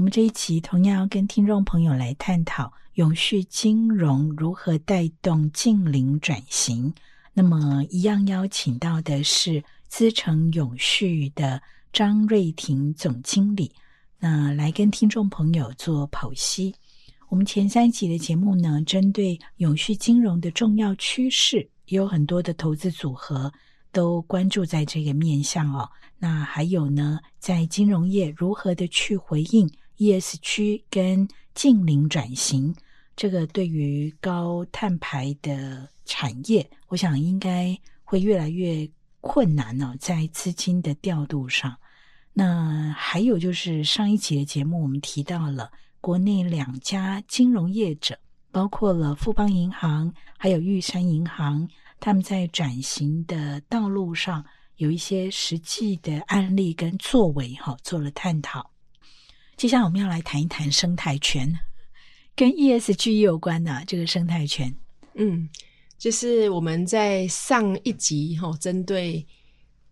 我們這一期同樣要跟聽眾朋友來探討永續金融如何帶動淨零轉型。那麼，一樣邀請到的是資誠永續的張瑞婷總經理，那來跟聽眾朋友做剖析。我們前三集的節目呢，針對永續金融的重要趨勢，也有很多的投資組合都關注在這個面向哦。那還有呢，在金融業如何的去回應？ESG 跟淨零轉型，這個對於高碳排的產業，我想應該會越來越困難哦，在資金的調度上，那還有就是上一集的節目，我們提到了國內兩家金融業者，包括了富邦銀行還有玉山銀行，他們在轉型的道路上有一些實際的案例跟作為哈、哦，做了探討。接下來我們要來談一談生態圈，跟 ESG 有關的、啊、這個生態圈。嗯，就是我們在上一集哈、哦，針對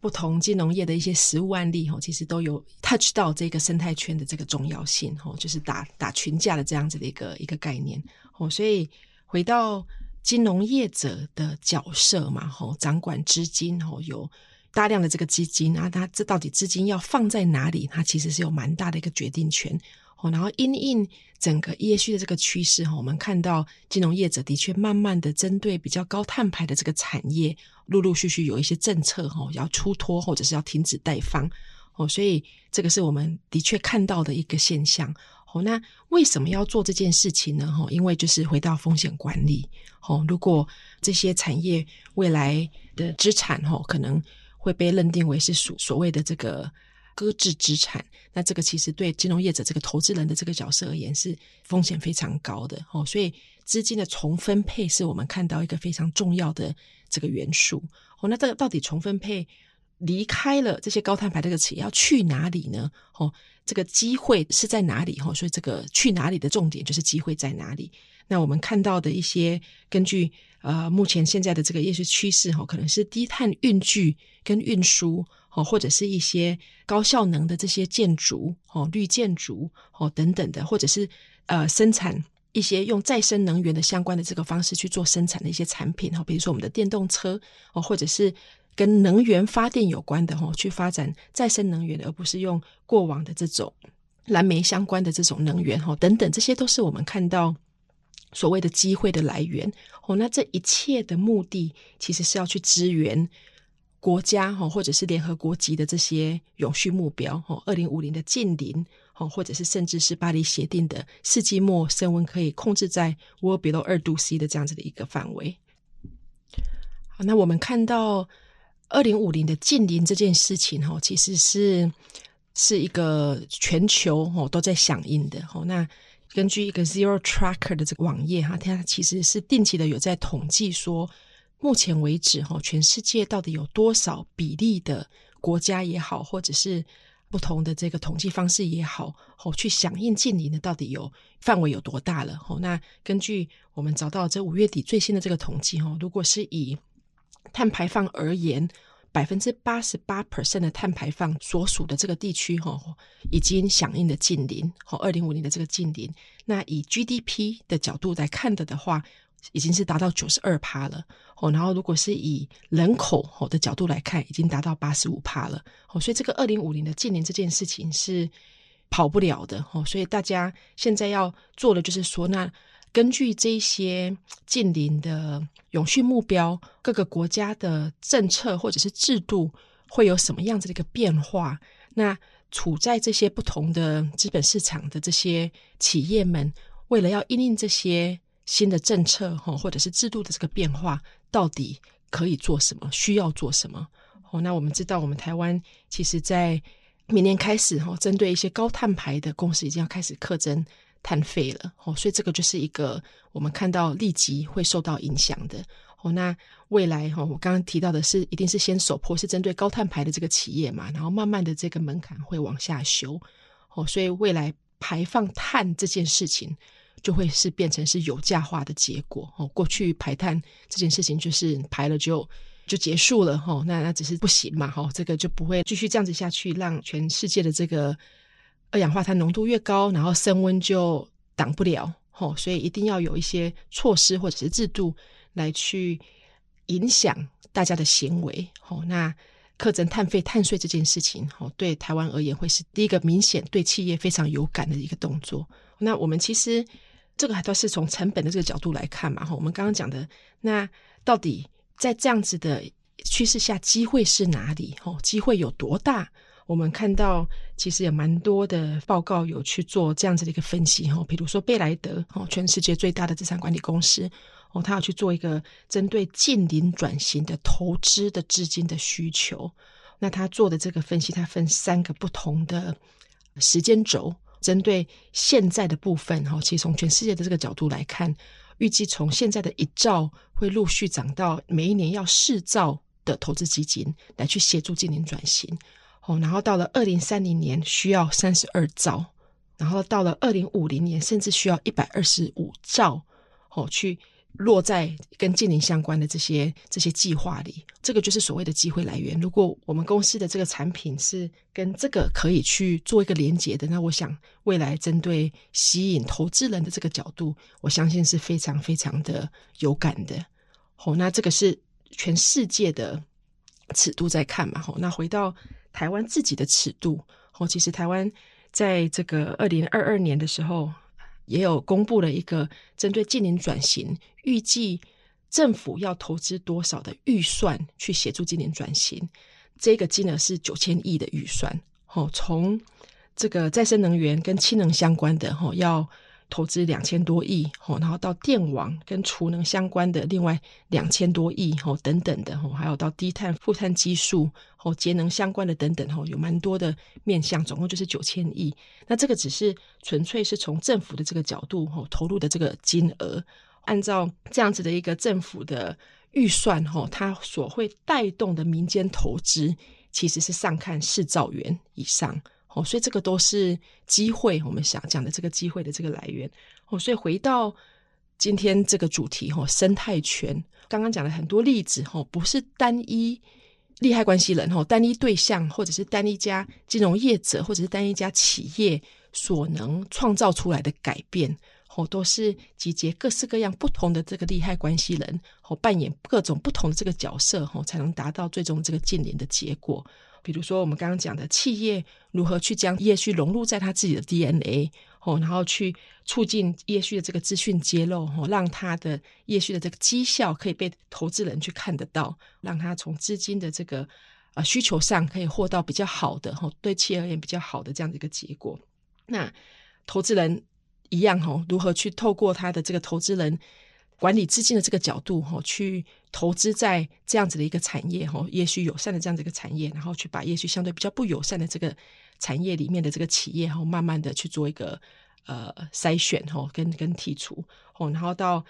不同金融業的一些實務案例哈、哦，其實都有 touch 到這個生態圈的這個重要性哈、哦，就是打打群架的這樣子的一個一個概念哦。所以回到金融業者的角色嘛，哈、哦，掌管資金哦，有。大量的這個資金啊，它這到底資金要放在哪裡？它其實是有蠻大的一個決定權、哦、然後，因應整個永續的這個趨勢、哦、我們看到金融業者的確慢慢的針對比較高碳排的這個產業，陸陸續續有一些政策、哦、要出脫或者是要停止貸放、哦、所以，這個是我們的確看到的一個現象、哦、那為什麼要做這件事情呢？哦、因為就是回到風險管理、哦、如果這些產業未來的資產、哦、可能會被認定為是所所謂的這個擱置資產，那這個其實對金融業者這個投資人的這個角色而言是風險非常高的哦，所以資金的重分配是我們看到一個非常重要的這個元素。哦，那這個到底重分配離開了這些高碳排的這個企業要去哪裡呢？哦，這個機會是在哪裡？哦，所以這個去哪裡的重點就是機會在哪裡。那我們看到的一些，根據呃目前現在的這個業績趨勢，哈、哦，可能是低碳運具跟運輸，哦，或者是一些高效能的這些建築，哦，綠建築，哦，等等的，或者是呃生產一些用再生能源的相關的這個方式去做生產的一些產品，哈、哦，比如說我們的電動車，哦，或者是跟能源發電有關的，哈、哦，去發展再生能源，而不是用過往的這種藍煤相關的這種能源，哈、哦，等等，這些都是我們看到。所謂的機會的來源，哦，那這一切的目的其實是要去支援國家，哈，或者是聯合國籍的這些永續目標，哈，二零五零的淨零，哈，或者是甚至是巴黎協定的世紀末升溫可以控制在，well below 二度 C 的這樣子的一個範圍。好，那我們看到二零五零的淨零這件事情，哈，其實是是一個全球，哈，都在響應的，哈，那。根據一個 Zero Tracker 的這個網頁哈，它其實是定期的有在統計說，目前為止哈，全世界到底有多少比例的國家也好，或者是不同的這個統計方式也好，去響應淨零的到底有範圍有多大了。那根據我們找到這五月底最新的這個統計哈，如果是以碳排放而言。百分之八十八 percent 的碳排放所屬的這個地區，哦，吼，已經響應了淨零吼，二零五零的這個淨零。那以 GDP 的角度來看的的話，已經是達到九十二趴了，哦。然後如果是以人口的角度來看，已經達到八十五趴了，哦。所以這個二零五零的淨零這件事情是跑不了的，哦。所以大家現在要做的就是說，那。根據這些淨零的永續目標，各個國家的政策或者是制度會有什麼樣子的一個變化？那處在這些不同的資本市場的這些企業們，為了要因應這些新的政策或者是制度的這個變化，到底可以做什麼？需要做什麼？哦、嗯，那我們知道，我們台灣其實在明年開始針對一些高碳排的公司，已經要開始課徵碳廢了哦，所以這個就是一個我們看到立即會受到影響的哦。那未來，哦，我剛剛提到的是，一定是先首波，是針對高碳排的這個企業嘛，然後慢慢的這個門檻會往下修，哦，所以未來排放碳這件事情就會是變成是有價化的結果，哦，過去排碳這件事情就是排了就就結束了，哦，那那只是不行嘛，哦，這個就不會繼續這樣子下去，讓全世界的這個。二氧化碳濃度越高，然後升溫就擋不了吼、哦，所以一定要有一些措施或者是制度來去影響大家的行為吼、哦。那課徵碳費碳稅這件事情吼、哦，對台灣而言會是第一個明顯對企業非常有感的一個動作。那我們其實這個還都是從成本的這個角度來看嘛吼、哦。我們剛剛講的，那到底在這樣子的趨勢下，機會是哪裡吼、哦？機會有多大？我們看到，其實也蠻多的報告有去做這樣子的一個分析哈。比如說，貝萊德，全世界最大的資產管理公司哦，他要去做一個針對淨零轉型的投資的資金的需求。那他做的這個分析，它分三個不同的時間軸，針對現在的部分哈。其實從全世界的這個角度來看，預計從現在的一兆會陸續漲到每一年要四兆的投資基金來去協助淨零轉型。然後到了二零三零年需要三十二兆，然後到了二零五零年甚至需要一百二十五兆，哦，去落在跟淨零相關的這些這些計劃裡，這個就是所謂的機會來源。如果我們公司的這個產品是跟這個可以去做一個連接的，那我想未來針對吸引投資人的這個角度，我相信是非常非常的有感的。好，哦，那這個是全世界的尺度在看嘛？哦，那回到。台灣自己的尺度，哦，其實台灣在這個二零二二年的時候，也有公布了一個針對淨零轉型，預計政府要投資多少的預算去協助淨零轉型，這個金額是九千億的預算，哦，從這個再生能源跟氫能相關的，哦，要。投資兩千多億、哦、然後到電網跟儲能相關的另外兩千多億、哦、等等的、哦、還有到低碳、負碳技術、節能相關的等等、哦、有蠻多的面向，總共就是九千億。那這個只是純粹是從政府的這個角度、哦、投入的這個金額，按照這樣子的一個政府的預算、哦、它所會帶動的民間投資其實是上看四兆元以上。哦，所以這個都是機會，我們想講的這個機會的這個來源。哦，所以回到今天這個主題，哈，生態圈剛剛講了很多例子，哈，不是單一利害關係人，哈，單一對象，或者是單一家金融業者，或者是單一家企業所能創造出來的改變，哦，都是集結各式各樣不同的這個利害關係人，哦，扮演各種不同的這個角色，哦，才能達到最終這個淨零的結果。比如說，我們剛剛講的企業如何去將永續融入在他自己的 DNA 哦，然後去促進永續的這個資訊揭露哦，讓他的永續的這個績效可以被投資人去看得到，讓他從資金的這個啊、呃、需求上可以獲到比較好的哈、哦，對企業而言比較好的這樣的一個結果。那投資人一樣哈、哦，如何去透過他的這個投資人管理資金的這個角度哈、哦、去。投資在這樣子的一個產業哈，也許友善的這樣子的一個產業，然後去把也許相對比較不友善的這個產業裡面的這個企業，然後慢慢的去做一個呃篩選哈，跟跟剔除，然後到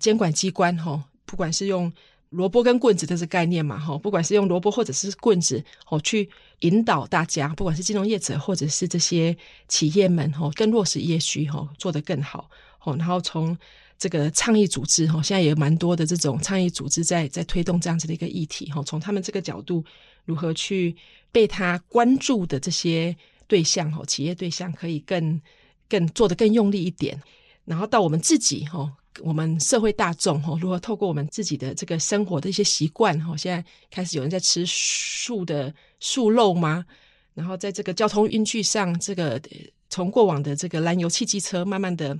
監管機關哈，不管是用蘿蔔跟棍子這是概念嘛，哈，不管是用蘿蔔或者是棍子哦，去引導大家，不管是金融業者或者是這些企業們，更落實也許哈，做得更好，然後從。這個倡議組織哈，現在也有蠻多的這種倡議組織在在推動這樣子的一個議題哈。從他們這個角度，如何去被他關注的這些對象哈，企業對象可以更更做得更用力一點。然後到我們自己哈，我們社會大眾哈，如何透過我們自己的這個生活的一些習慣哈，現在開始有人在吃素的素肉嗎？然後在這個交通運具上，這個從過往的這個燃油汽機車，車，慢慢的。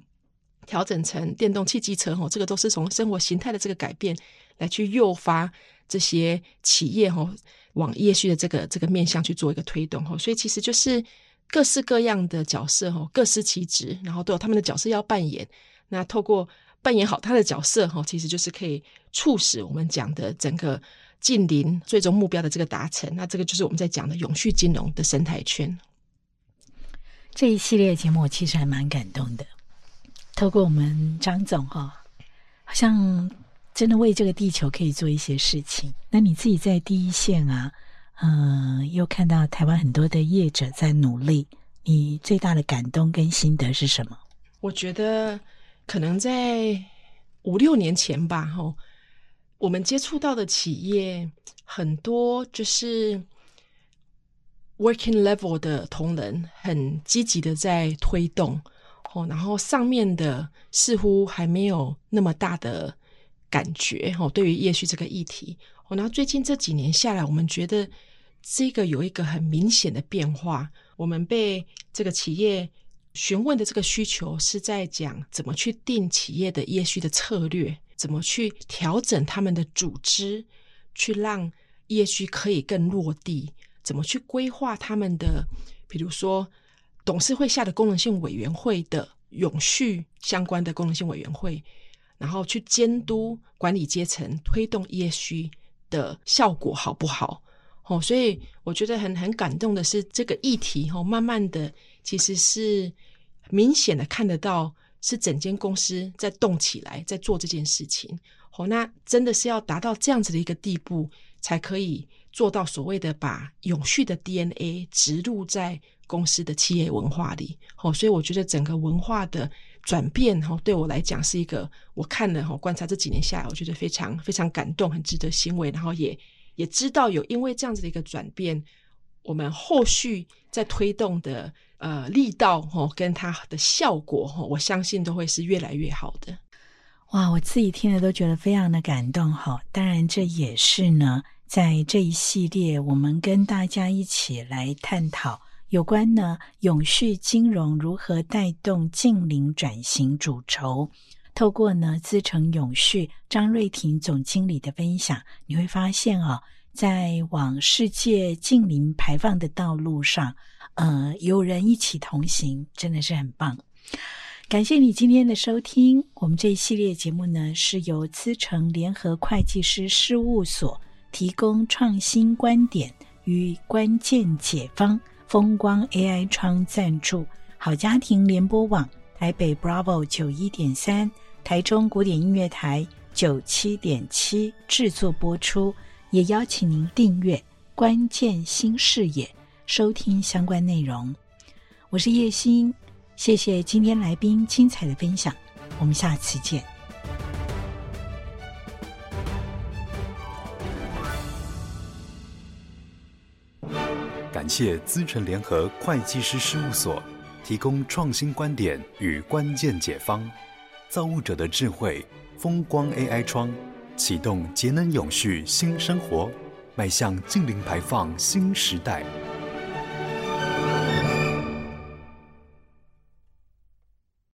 調整成電動汽機車哦，這個都是從生活形態的這個改變來去誘發這些企業哦，往永續的這個這個面向去做一個推動哦，所以其實就是各式各樣的角色哦，各司其職，然後都有他們的角色要扮演。那透過扮演好他的角色哦，其實就是可以促使我們講的整個淨零最終目標的這個達成。那這個就是我們在講的永續金融的生態圈。這一系列節目，我其實還蠻感動的。透過我們張總哈，好像真的為這個地球可以做一些事情。那你自己在第一線啊，嗯、呃，又看到台灣很多的業者在努力，你最大的感動跟心得是什麼？我覺得可能在五六年前吧，吼，我們接觸到的企業很多，就是 working level 的同仁很積極的在推動。哦，然後上面的似乎還沒有那麼大的感覺哦，對於永續這個議題哦，然後最近這幾年下來，我們覺得這個有一個很明顯的變化，我們被這個企業詢問的這個需求是在講怎麼去定企業的永續的策略，怎麼去調整他們的組織，去讓永續可以更落地，怎麼去規劃他們的，比如說。董事會下的功能性委員會的永續相關的功能性委員會，然後去監督管理階層推動 ESG 的效果好不好？哦，所以我覺得很很感動的是，這個議題，哦，慢慢的其實是明顯的看得到，是整間公司在動起來，在做這件事情。哦，那真的是要達到這樣子的一個地步，才可以做到所謂的把永續的 DNA 植入在。公司的企業文化裡，哦，所以我覺得整個文化的轉變，哈、哦，對我來講是一個，我看了哈，觀察這幾年下來，我覺得非常非常感動，很值得欣慰，然後也也知道有因為這樣子的一個轉變，我們後續在推動的呃力道，哈、哦，跟它的效果，哈、哦，我相信都會是越來越好的。哇，我自己聽了都覺得非常的感動，哈，當然這也是呢，在這一系列我們跟大家一起來探討。有關呢，永續金融如何帶動淨零轉型主軸，透過呢，資誠永續張瑞婷總經理的分享，你會發現哦，在往世界淨零排放的道路上，呃，有人一起同行，真的是很棒。感謝你今天的收聽。我們這一系列節目呢，是由資誠聯合會計師事務所提供創新觀點與關鍵解方。風光 AI 窗贊助好家庭聯播網，台北 Bravo 九一點三，台中古典音樂台九七點七制作播出，也邀請您訂閱關鍵新視野，收聽相關內容。我是葉欣，謝謝今天來賓精彩的分享，我們下次見。感謝資誠聯合會計師事務所提供創新觀點與關鍵解方，造物者的智慧，風光 AI 窗，啟動節能永續新生活，邁向淨零排放新時代。